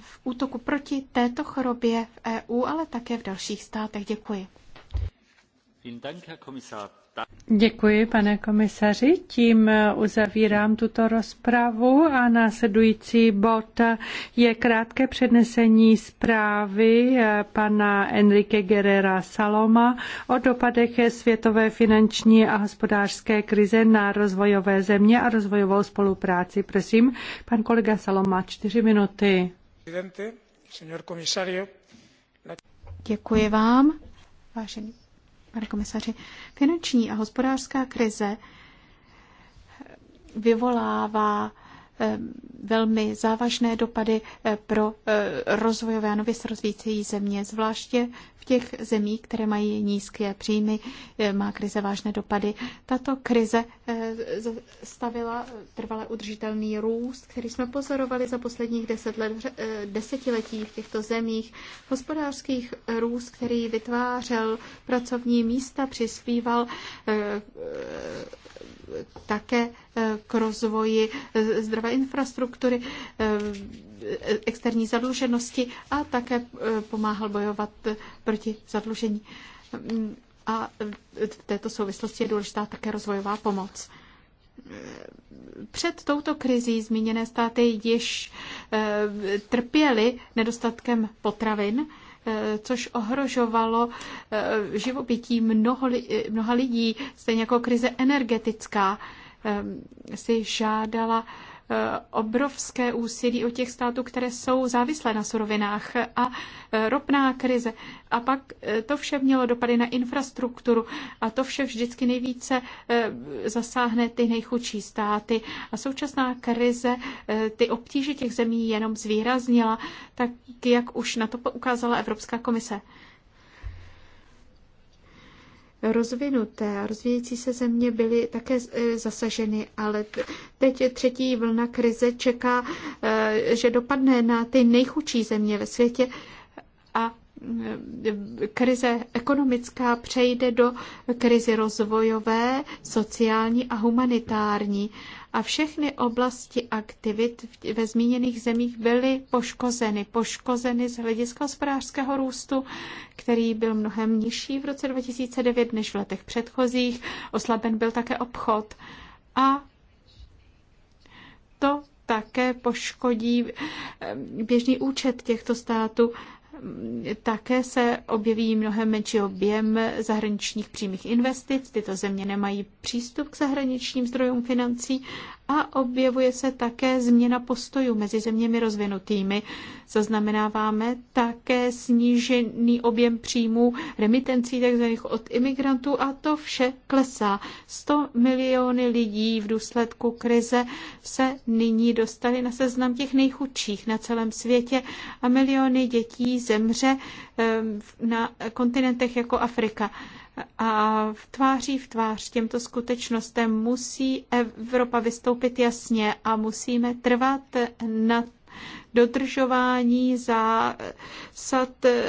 v útoku proti této chorobě v EU, ale také v dalších státech. Děkuji. Děkuji, pane komisaři. Tím uzavírám tuto rozpravu a následující bod je krátké přednesení zprávy eh, pana Enrique Guerrera Saloma o dopadech světové finanční a hospodářské krize na rozvojové země a rozvojovou spolupráci. Prosím, pan kolega Saloma, čtyři minuty. Děkuji vám, vážený pane komisaři. Finanční a hospodářská krize vyvolává Eh, velmi závažné dopady eh, pro eh, rozvojové a nově se země, zvláště v těch zemích, které mají nízké příjmy, má krize vážné dopady. Tato krize stavila trvale udržitelný růst, který jsme pozorovali za posledních deset let, desetiletí v těchto zemích. hospodářských růst, který vytvářel pracovní místa, přispíval také k rozvoji zdravé úprava infrastruktury, eh, externí zadluženosti a také eh, pomáhal bojovat eh, proti zadlužení. A v této souvislosti je důležitá také rozvojová pomoc. Před touto krizí zmíněné státy již trpěly nedostatkem potravin, což ohrožovalo živobytí mnoha lidí, stejně jako krize energetická si žádala Eh, obrovské úsilí od těch států, které jsou závislé na surovinách a eh, ropná krize. A pak eh, to vše mělo dopady na infrastrukturu a to vše vždycky nejvíce zasáhne ty nejchudší státy. A současná krize ty obtíže těch zemí jenom zvýraznila, tak jak už na to poukázala Evropská komise rozvinuté a rozvíjící se země byly také e, zasaženy, ale teď třetí vlna krize čeká, e, že dopadne na ty nejchudší země ve světě krize ekonomická přejde do krizi rozvojové, sociální a humanitární. A všechny oblasti aktivit ve zmíněných zemích byly poškozeny. Poškozeny z hlediska hospodářského růstu, který byl mnohem nižší v roce 2009 než v letech předchozích. Oslaben byl také obchod. A to také poškodí eh, běžný účet těchto států. Také se objeví mnohem menší objem zahraničních přímých investic. Tyto země nemají přístup k zahraničním zdrojům financí a objevuje se také změna postojů mezi zeměmi rozvinutými. Zaznamenáváme také snížený objem příjmů remitencí tzv. od imigrantů a to vše klesá. 100 miliony lidí v důsledku krize se nyní dostali na seznam těch nejchudších na celém světě a miliony dětí zemře eh, na kontinentech jako Afrika a v tváří v tvář těmto skutečnostem musí Evropa vystoupit jasně a musíme trvat na dodržování sad eh,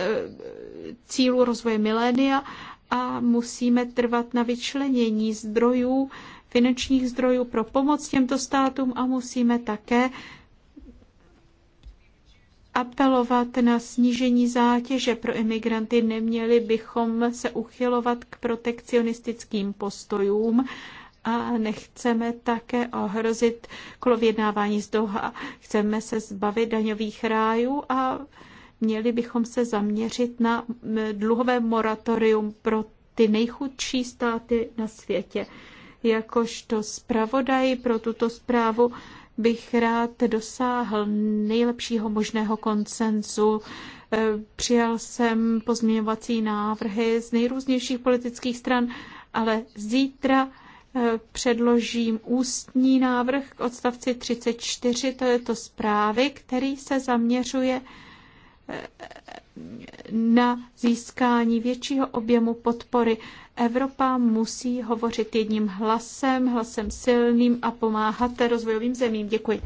cílu rozvoje milénia a musíme trvat na vyčlenění zdrojů, finančních zdrojů pro pomoc těmto státům a musíme také apelovat na snížení zátěže pro imigranty, neměli bychom se uchylovat k protekcionistickým postojům a nechceme také ohrozit klovědnávání z Doha. Chceme se zbavit daňových rájů a měli bychom se zaměřit na dluhové moratorium pro ty nejchudší státy na světě. Jakožto zpravodaj pro tuto zprávu bych rád dosáhl nejlepšího možného konsenzu. Eh, přijal jsem pozměňovací návrhy z nejrůznějších politických stran, ale zítra eh, předložím ústní návrh k odstavci 34 to zprávy, který se zaměřuje eh, na získání většího objemu podpory. Evropa musí hovořit jedním hlasem, hlasem silným a pomáhat rozvojovým zemím. Děkuji.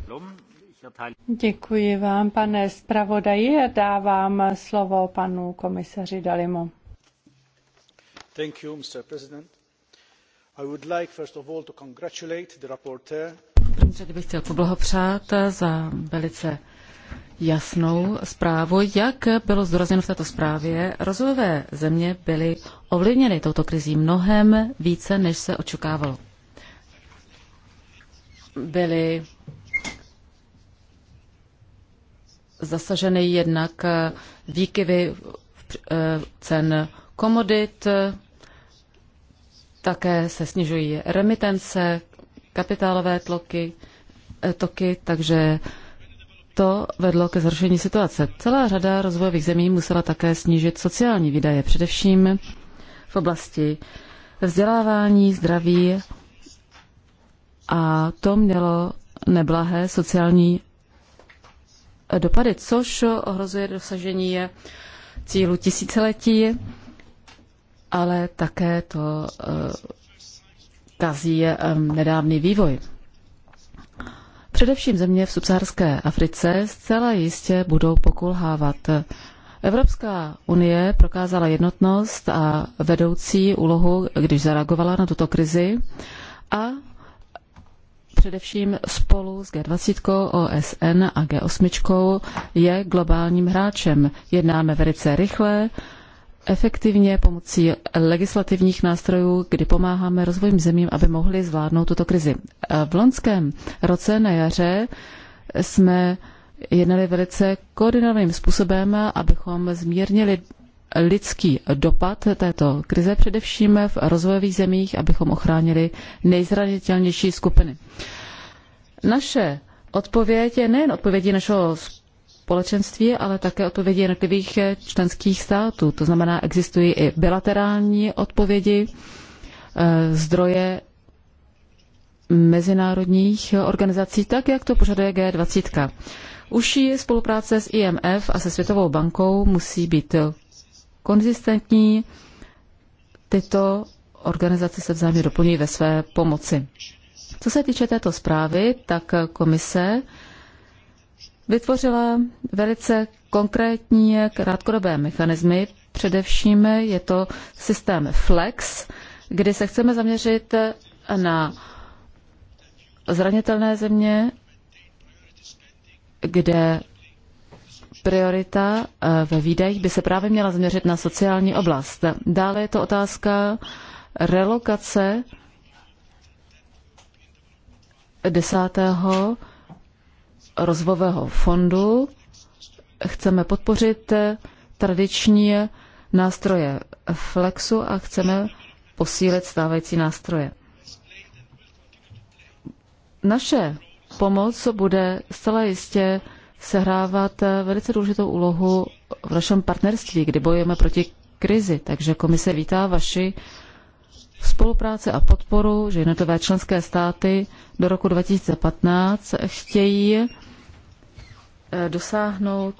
Děkuji vám, pane zpravodaji, a dávám slovo panu komisaři Dalimu. Thank you, Mr. President. Bych chtěl poblahopřát za velice jasnou zprávu, jak bylo zdůrazněno v této zprávě. Rozvojové země byly ovlivněny touto krizí mnohem více, než se očekávalo. Byly zasaženy jednak výkyvy eh, cen komodit, také se snižují remitence, kapitálové tloky, eh, toky, takže to vedlo ke zhoršení situace. Celá řada rozvojových zemí musela také snížit sociální výdaje, především v oblasti vzdělávání, zdraví a to mělo neblahé sociální dopady, což ohrozuje dosažení cílu tisíciletí, ale také to eh, kazí eh, nedávný vývoj. Především země v subsaharské Africe zcela jistě budou pokulhávat. Evropská unie prokázala jednotnost a vedoucí úlohu, když zareagovala na tuto krizi a především spolu s G20, OSN a G8 je globálním hráčem. Jednáme velice rychle, efektivně pomocí legislativních nástrojů, kdy pomáháme rozvojovým zemím, aby mohli zvládnout tuto krizi. V loňském roce na jaře jsme jednali velice koordinovaným způsobem, abychom zmírnili lidský dopad této krize, především v rozvojových zemích, abychom ochránili nejzranitelnější skupiny. Naše odpověď je nejen odpovědí našeho společenství, ale také odpovědi jednotlivých eh, členských států. To znamená, existují i bilaterální odpovědi, eh, zdroje mezinárodních eh, organizací, tak jak to požaduje G20. Užší spolupráce s IMF a se Světovou bankou musí být konzistentní. Tyto organizace se vzájemně doplňují ve své pomoci. Co se týče této zprávy, tak komise vytvořila velice konkrétní krátkodobé mechanismy. Především je to systém Flex, kdy se chceme zaměřit na zranitelné země, kde priorita eh, ve výdajích by se právě měla zaměřit na sociální oblast. Dále je to otázka relokace desátého rozvojového fondu chceme podpořit tradiční nástroje Flexu a chceme posílit stávající nástroje. Naše pomoc bude zcela jistě sehrávat velice důležitou úlohu v našem partnerství, kdy bojujeme proti krizi. Takže komise vítá vaši spolupráci a podporu, že jednotlivé členské státy do roku 2015 chtějí eh, dosáhnout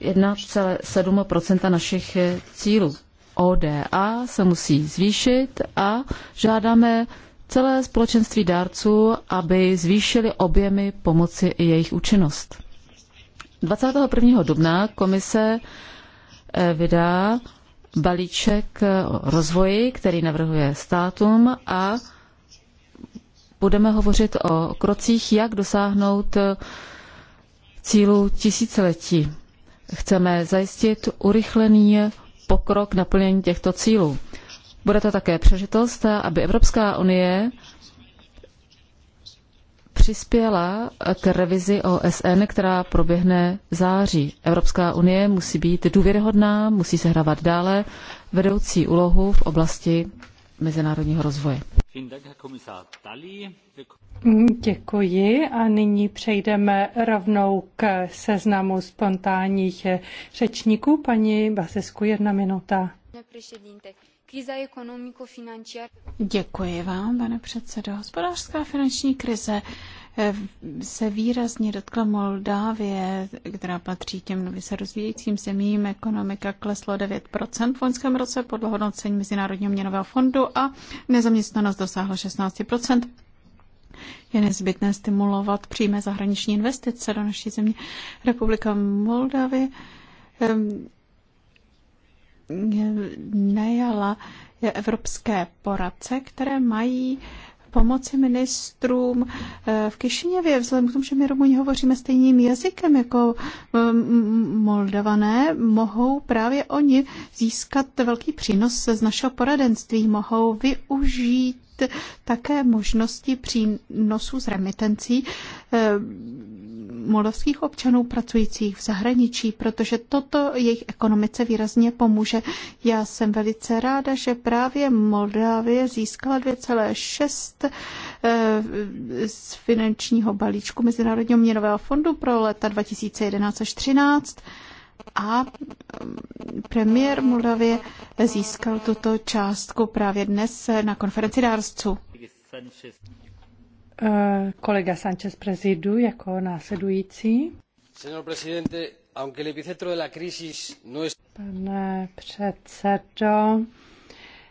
1,7 eh, našich eh, cílů. ODA se musí zvýšit a žádáme celé společenství dárců, aby zvýšili objemy pomoci i jejich účinnost. 21. dubna komise vydá balíček eh, rozvoji, který navrhuje státům a budeme hovořit o krocích, jak dosáhnout eh, cílu tisíciletí. Chceme zajistit urychlený pokrok naplnění těchto cílů. Bude to také přežitost, aby Evropská unie přispěla k revizi OSN, která proběhne v září. Evropská unie musí být důvěryhodná, musí se hravat dále vedoucí úlohu v oblasti mezinárodního rozvoje. Děkuji a nyní přejdeme rovnou k seznamu spontánních řečníků. Paní Basesku, jedna minuta. Děkuji vám, pane předsedo. Hospodářská finanční krize se výrazně dotkla Moldávie, která patří těm nově se rozvíjejícím zemím. Ekonomika klesla 9% v loňském roce podle hodnocení Mezinárodního měnového fondu a nezaměstnanost dosáhla 16%. Je nezbytné stimulovat přímé zahraniční investice do naší země. Republika nejala najala evropské poradce, které mají pomoci ministrům eh, v Kišiněvě, vzhledem k tomu, že my Rumuni hovoříme stejným jazykem jako mm, mm, Moldavané, mohou právě oni získat velký přínos z našeho poradenství, mohou využít také možnosti přínosů z remitencí eh, moldavských občanů pracujících v zahraničí, protože toto jejich ekonomice výrazně pomůže. Já jsem velice ráda, že právě Moldávie získala 2,6 eh, z finančního balíčku Mezinárodního měnového fondu pro leta 2011 až 2013 a eh, premiér Moldavie získal tuto částku právě dnes eh, na konferenci dárců. Eh, kolega Sánchez Prezidu jako následující. Señor presidente, aunque el epicentro de la crisis no es... Pane předsedo,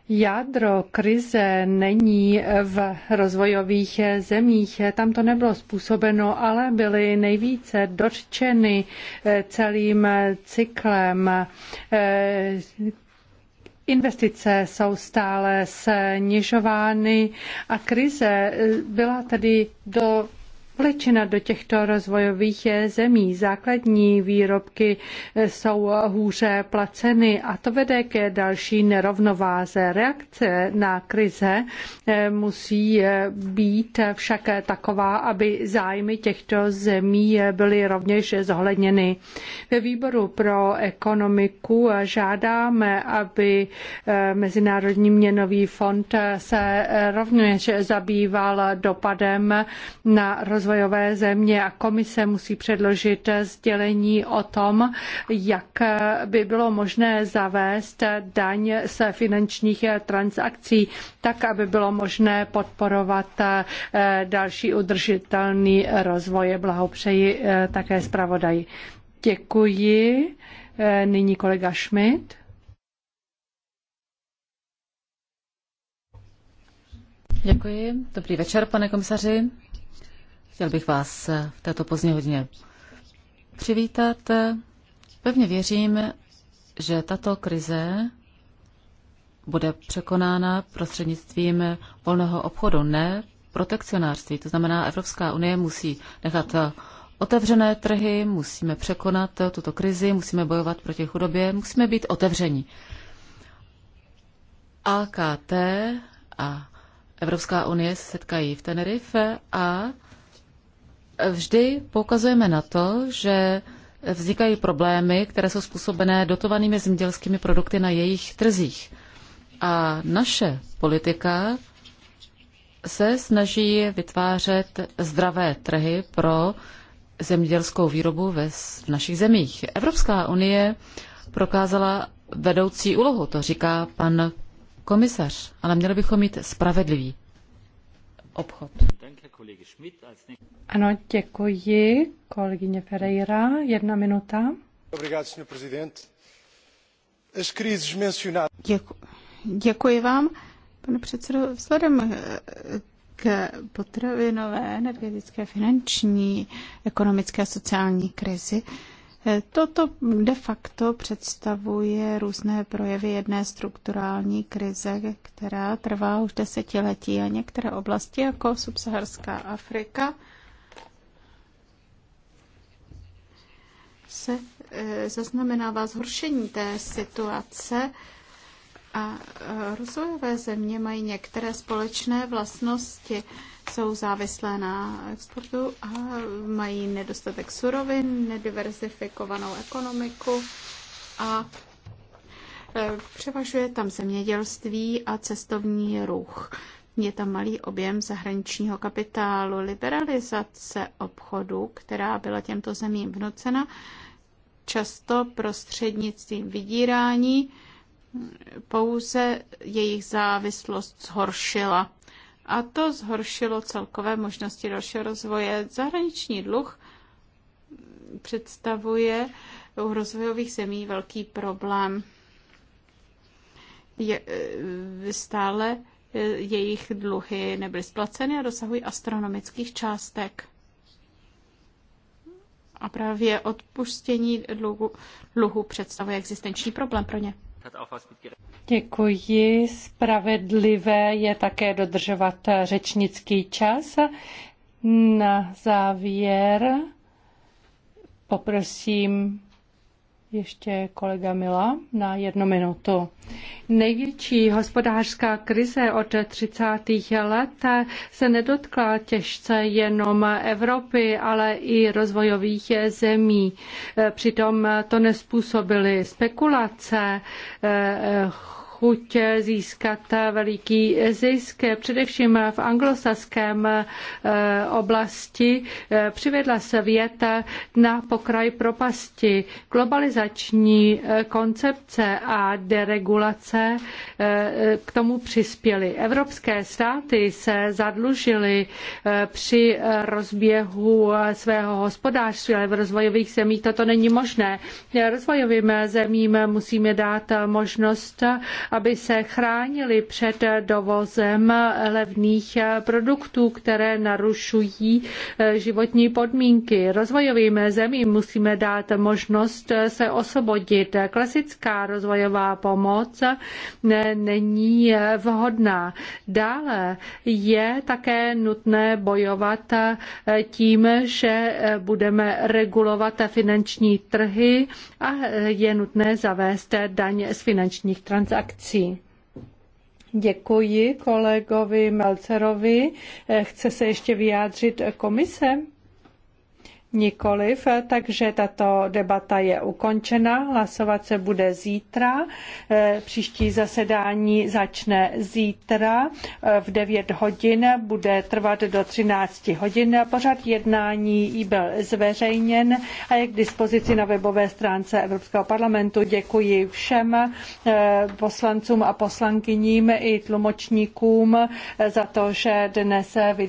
Jádro krize není v rozvojových zemích, tam to nebylo způsobeno, ale byly nejvíce dotčeny eh, celým eh, cyklem Investice jsou stále snižovány a krize byla tedy do vlečena do těchto rozvojových zemí. Základní výrobky jsou hůře placeny a to vede ke další nerovnováze. Reakce na krize eh, musí eh, být však taková, aby zájmy těchto zemí eh, byly rovněž zohledněny. Ve výboru pro ekonomiku žádáme, aby Mezinárodní měnový fond se rovněž zabýval dopadem na rozvoj rozvojové země a komise musí předložit sdělení o tom, jak by bylo možné zavést daň z finančních transakcí, tak aby bylo možné podporovat eh, další udržitelný rozvoj. Blahopřeji eh, také zpravodaji. Děkuji. Eh, nyní kolega Schmidt. Děkuji. Dobrý večer, pane komisaři. Chtěl bych vás v této pozdní hodině přivítat. Pevně věřím, že tato krize bude překonána prostřednictvím volného obchodu, ne protekcionářství. To znamená, Evropská unie musí nechat otevřené trhy, musíme překonat tuto krizi, musíme bojovat proti chudobě, musíme být otevření. AKT a Evropská unie se setkají v Tenerife a vždy poukazujeme na to, že vznikají problémy, které jsou způsobené dotovanými zemědělskými produkty na jejich trzích. A naše politika se snaží vytvářet zdravé trhy pro zemědělskou výrobu ve našich zemích. Evropská unie prokázala vedoucí úlohu, to říká pan komisař, ale měli bychom mít spravedlivý obchod. Ano, děkuji, kolegyně Ferreira. Jedna minuta. Děkuji, děkuji vám, pane předsedo. Vzhledem eh, k potravinové, energetické, finanční, ekonomické a sociální krizi Toto de facto představuje různé projevy jedné strukturální krize, která trvá už desetiletí a některé oblasti, jako subsaharská Afrika, se eh, zaznamenává zhoršení té situace a eh, rozvojové země mají některé společné vlastnosti jsou závislé na exportu a mají nedostatek surovin, nediverzifikovanou ekonomiku a e, převažuje tam zemědělství a cestovní ruch. Je tam malý objem zahraničního kapitálu. Liberalizace obchodu, která byla těmto zemím vnucena, často prostřednictvím vydírání, pouze jejich závislost zhoršila a to zhoršilo celkové možnosti dalšího rozvoje. Zahraniční dluh představuje u rozvojových zemí velký problém. Je, e, stále e, jejich dluhy nebyly splaceny a dosahují astronomických částek. A právě odpuštění dluhu, dluhu představuje existenční problém pro ně. Děkuji. Spravedlivé je také dodržovat řečnický čas. Na závěr poprosím ještě kolega Mila na jednu minutu. Největší hospodářská krize od 30. let se nedotkla těžce jenom Evropy, ale i rozvojových zemí. Přitom to nespůsobily spekulace, chuť získat veliký zisk. Především v anglosaském eh, oblasti eh, přivedla svět eh, na pokraj propasti. Globalizační koncepce a deregulace k tomu přispěly. Evropské státy se zadlužily při rozběhu svého hospodářství, ale v rozvojových zemích toto není možné. Rozvojovým zemím musíme dát možnost, aby se chránili před dovozem levných produktů, které narušují eh, životní podmínky. Rozvojovým zemím musíme dát možnost se osvobodit. Klasická rozvojová pomoc eh, není eh, vhodná. Dále je také nutné bojovat tím, že budeme regulovat finanční trhy a je nutné zavést daň z finančních transakcí akcí. Děkuji kolegovi Melcerovi. Eh, chce se ještě vyjádřit komise? Nikoliv, takže tato debata je ukončena. Hlasovat se bude zítra. Eh, příští zasedání začne zítra eh, v 9 hodin, bude trvat do 13 hodin. Pořad jednání byl zveřejněn a je k dispozici na webové stránce Evropského parlamentu. Děkuji všem eh, poslancům a poslankyním i tlumočníkům za to, že dnes vydrželi.